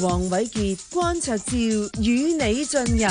王偉杰，關卓照，與你進入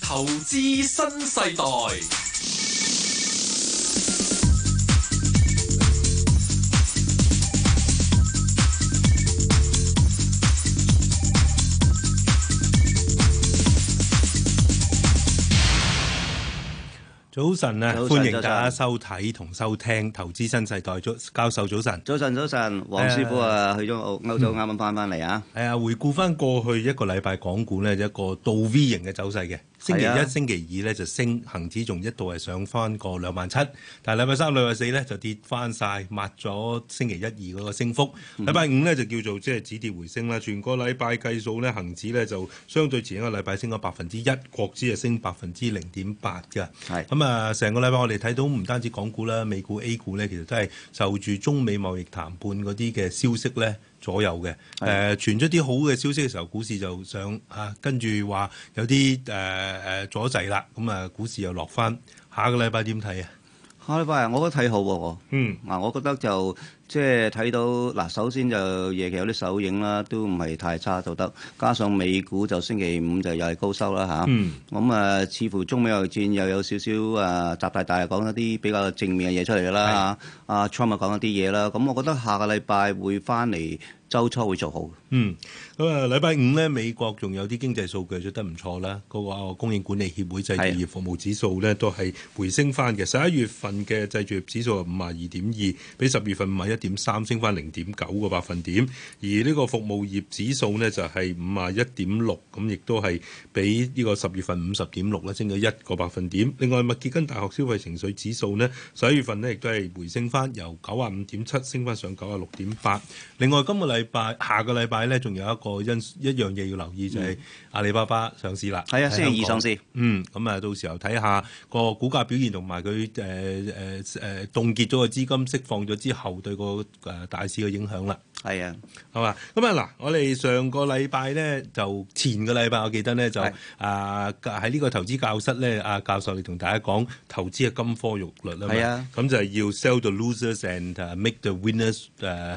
投資新世代。早晨啊，歡迎大家收睇同收聽《晨投資新世代》。教授，早晨。早晨，早晨。黃師傅啊，去咗歐洲，啱啱翻返嚟啊。係啊，回顧翻過去一個禮拜，港股咧一個倒 V 型嘅走勢嘅。啊、星期一、星期二咧就升，恒指仲一度係上翻個兩萬七，但係禮拜三、禮拜四咧就跌翻晒，抹咗星期一、二嗰個升幅。禮拜、嗯、五咧就叫做即係、就係、止跌回升啦。全個禮拜計數咧，恒指咧就相對前一個禮拜升咗百分之一，國指啊升百分之零點八㗎。係咁啊，成個禮拜我哋睇到唔單止港股啦、美股、A 股咧，其實都係受住中美貿易談判嗰啲嘅消息咧。左右嘅，誒、呃、傳出啲好嘅消息嘅時候，股市就升吓、啊、跟住話有啲誒誒阻滯啦，咁啊股市又落翻。下個禮拜點睇啊？下禮拜啊，我覺得睇好喎。嗯，嗱、啊，我覺得就。即係睇到嗱，首先就夜期有啲首映啦，都唔係太差就得。加上美股就星期五就又係高收啦嚇。咁、嗯、啊，似乎中美又戰又有少少啊，習大大講一啲比較正面嘅嘢出嚟啦吓！阿 Trump 講一啲嘢啦。咁的、啊嗯、我覺得下個禮拜會翻嚟週初會做好。嗯，咁啊，禮拜五咧，美國仲有啲經濟數據做得唔錯啦。個啊供應管理協會製造業服務指數咧的都係回升翻嘅。十一月份嘅製造業指數五十二點二，比十月份五十一點三升翻零點九個百分點，而呢個服務業指數呢就係五啊一點六，咁亦都係比呢個十月份五十點六咧升咗一個百分點。另外麥傑根大學消費情緒指數呢十一月份呢亦都係回升翻，由九啊五點七升翻上九啊六點八。另外今個禮拜下個禮拜呢仲有一個因一樣嘢要留意就係、是、阿里巴巴上市啦，係啊、嗯，星期二上市，嗯，咁啊到時候睇下個股價表現同埋佢誒誒誒凍結咗嘅資金釋放咗之後對個。誒，大市嘅影響啦，係啊，好嘛，咁啊嗱，我哋上個禮拜咧，就前個禮拜我記得咧，就啊喺呢個投資教室咧，阿教授你同大家講，投資係金科玉律啊嘛，咁就係要 sell the losers and make the winners 誒。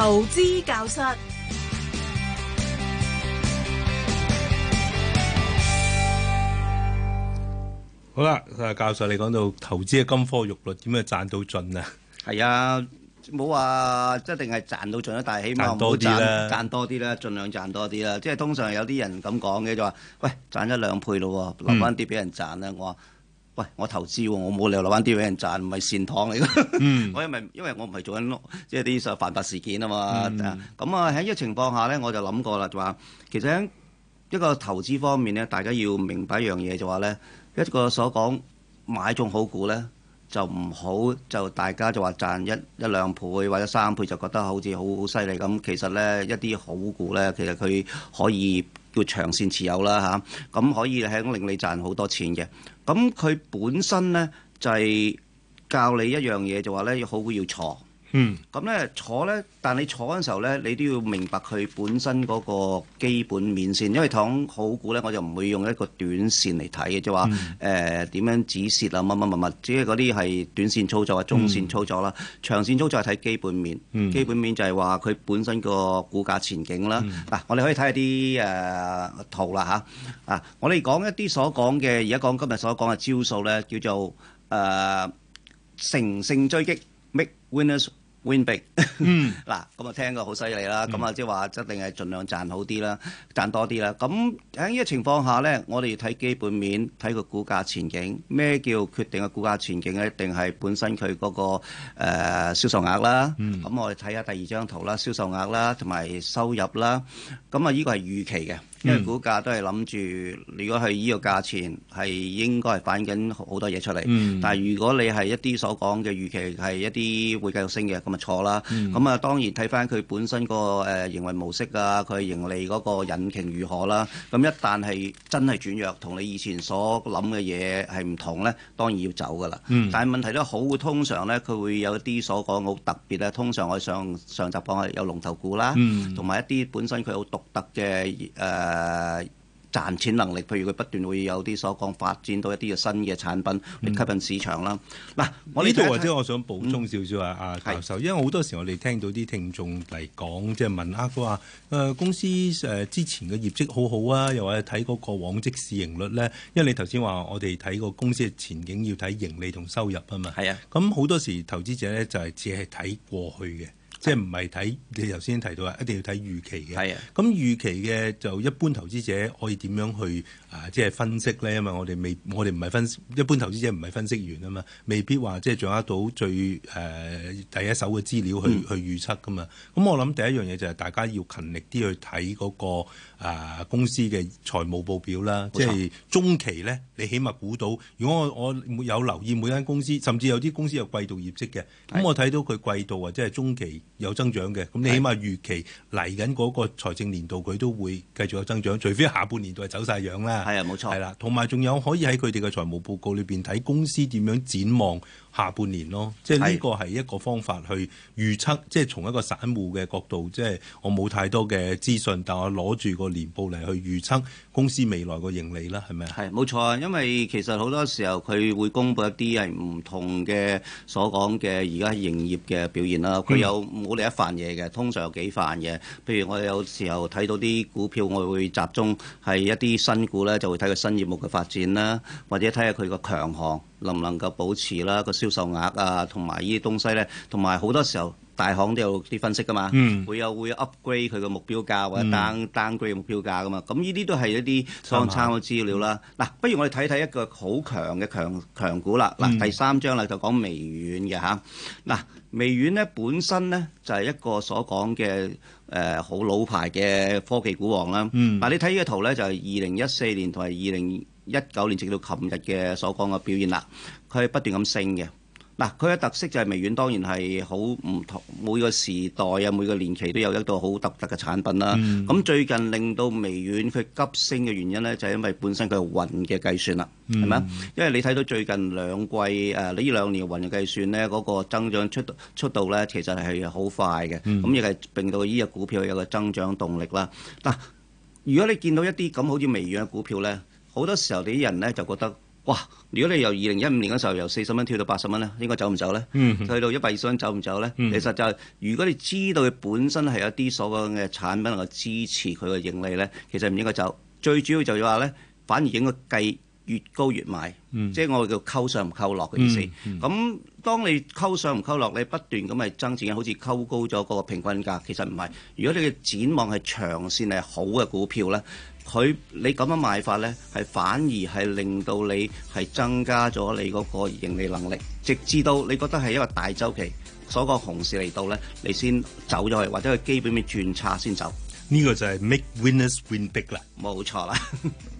投資教室。好啦，教授你講到投資嘅金科玉律，點樣賺到盡啊？係啊，冇話一定係賺到盡啦，但係起碼賺多啲啦，賺多啲啦，盡量賺多啲啦。即係通常有啲人咁講嘅就話，喂，賺一兩倍咯，留翻啲俾人賺啦，嗯、我。喂，我投資喎，我冇理由留翻啲俾人賺，唔係善堂嚟嘅。 嗯、我因為因為我唔係做緊，即係啲犯法事件啊嘛。咁、嗯、啊喺呢、嗯啊、個情況下呢，我就諗過啦，就話其實喺一個投資方面呢，大家要明白一樣嘢就話、是、呢，一個所講買中好股呢，就唔好就大家就話賺一一兩倍或者三倍就覺得好似好好犀利咁。其實呢，一啲好股呢，其實佢可以。會長線持有啦吓，咁可以係令你賺好多錢嘅。咁佢本身咧就係教你一樣嘢，就話咧要好好要坐。嗯，咁咧坐咧，但你坐嗰陣時候咧，你都要明白佢本身嗰個基本面先，因為講好股咧，我就唔會用一個短線嚟睇嘅，即係話，誒、就、點、是嗯呃、樣止蝕啊，乜乜乜乜，只係嗰啲係短線操作啊，中線操作啦，嗯、長線操作係睇基本面，嗯、基本面就係話佢本身個股價前景啦。嗱、嗯啊，我哋可以睇下啲誒、呃、圖啦嚇，啊，我哋講一啲所講嘅而家講今日所講嘅招數咧，叫做誒、呃、乘勝追擊。Make winners win big、 mm.。嗱，咁啊聽過好犀利啦，咁啊即係話一定係盡量賺好啲啦，賺多啲啦。咁喺呢個情況下咧，我哋要睇基本面，睇個股價前景。咩叫決定個股價前景咧？一定係本身佢嗰、嗰個誒銷、呃、售額啦。咁、mm. 我哋睇下第二張圖啦，銷售額啦，同埋收入啦。咁啊，呢個係預期嘅。因為股價都係諗住，如果係依個價錢係應該係反映緊好多嘢出嚟，嗯、但係如果你係一啲所講嘅預期係一啲會繼續升嘅，咁咪錯啦。咁啊、嗯、當然睇翻佢本身個誒營運模式啊，佢、呃、盈利嗰個引擎如何啦。咁一旦係真係轉弱，同你以前所諗嘅嘢係唔同呢，當然要走㗎啦。嗯、但係問題都好通常呢，佢會有一啲所講好特別啊。通常我上上集講係有龍頭股啦，同埋、嗯、一啲本身佢好獨特嘅誒。呃誒，賺、呃、錢能力，譬如佢不斷會有啲所講發展到一啲嘅新嘅產品，嚟吸引市場啦。嗱、嗯啊，我呢度或者我想補充少少啊，嗯、教授，因為好多時我哋聽到啲聽眾嚟講，即、就、係、是、問下佢話：，誒、啊、公司誒、呃、之前嘅業績好好啊，又或者睇嗰個往績市盈率咧。因為你頭先話我哋睇個公司嘅前景要睇盈利同收入是啊嘛。係啊，咁好多時投資者咧就係、是、只係睇過去嘅。即係唔係睇你頭先提到話，一定要睇預期嘅。咁預的期嘅就一般投資者可以點樣去啊、呃？即係分析咧，因為我哋未，我哋唔係分一般投資者唔係分析員啊嘛，未必話即係掌握到最誒、呃、第一手嘅資料去、嗯、去預測噶嘛。咁我諗第一樣嘢就係大家要勤力啲去睇嗰、那個啊、呃、公司嘅財務報表啦。錯即係中期咧，你起碼估到。如果我我有留意每間公司，甚至有啲公司有季度業績嘅，咁我睇到佢季度或者係中期。有增長嘅，咁你起碼預期嚟緊嗰個財政年度佢是都會繼續有增長，除非下半年度係走晒樣啦。係啊，冇錯。係啦、啊，同埋仲有可以喺佢哋嘅財務報告裏邊睇公司點樣展望下半年咯。即係呢個係一個方法去預測，即係從一個散戶嘅角度，即係我冇太多嘅資訊，但我攞住個年報嚟去預測公司未來個盈利啦，係咪啊？係冇錯啊，因為其實好多時候佢會公布一啲係唔同嘅所講嘅而家營業嘅表現啦，佢有、嗯。好理一範嘢嘅，通常有幾範嘢。譬如我有時候睇到啲股票，我會集中係一啲新股咧，就會睇佢新業務嘅發展啦，或者睇下佢個強項，能唔能夠保持啦，個銷售額啊，同埋呢啲東西咧，同埋好多時候。大行都有啲分析噶嘛，佢、嗯、有會有 upgrade 佢個目標價或者 down、嗯、downgrade 目標價噶嘛，咁呢啲都係一啲相參嘅資料啦。嗱、嗯啊，不如我哋睇睇一個好強嘅強強股啦。嗱、啊，第三張啦就講微軟嘅嚇。嗱、啊啊，微軟咧本身咧就係、是、一個所講嘅誒好老牌嘅科技股王啦。嗱、嗯啊，你睇呢個圖咧就係二零一四年同埋二零一九年直到琴日嘅所講嘅表現啦，佢、啊、係不斷咁升嘅。嗱，佢嘅特色就係微軟，當然係好唔同每個時代啊，每個年期都有一個好獨特嘅產品啦。咁、嗯、最近令到微軟佢急升嘅原因呢，就係因為本身佢雲嘅計算啦，係咪啊？因為你睇到最近兩季誒呢、呃、兩年雲嘅計算呢，嗰、那個增長速度速度呢，其實係好快嘅。咁亦係並到依隻股票有個增長動力啦。嗱，如果你見到一啲咁好似微軟嘅股票呢，好多時候啲人呢，就覺得。哇！如果你由二零一五年嗰時候由四十蚊跳到八十蚊咧，應該走唔走咧？嗯、mm，hmm. 去到一百二十蚊走唔走咧？Mm hmm. 其實就係、是、如果你知道佢本身係有啲所謂嘅產品能夠支持佢嘅盈利咧，其實唔應該走。最主要就係話咧，反而應該計越高越買。Mm hmm. 即係我哋叫溝上唔溝落嘅意思。咁、mm hmm. 當你溝上唔溝落，你不斷咁咪增持，好似溝高咗嗰個平均價，其實唔係。如果你嘅展望係長線係好嘅股票咧。佢你咁樣買法咧，係反而係令到你係增加咗你嗰個盈利能力，直至到你覺得係一個大周期所個熊市嚟到咧，你先走咗去，或者佢基本面轉差先走，呢個就係 make winners win big 啦，冇錯啦。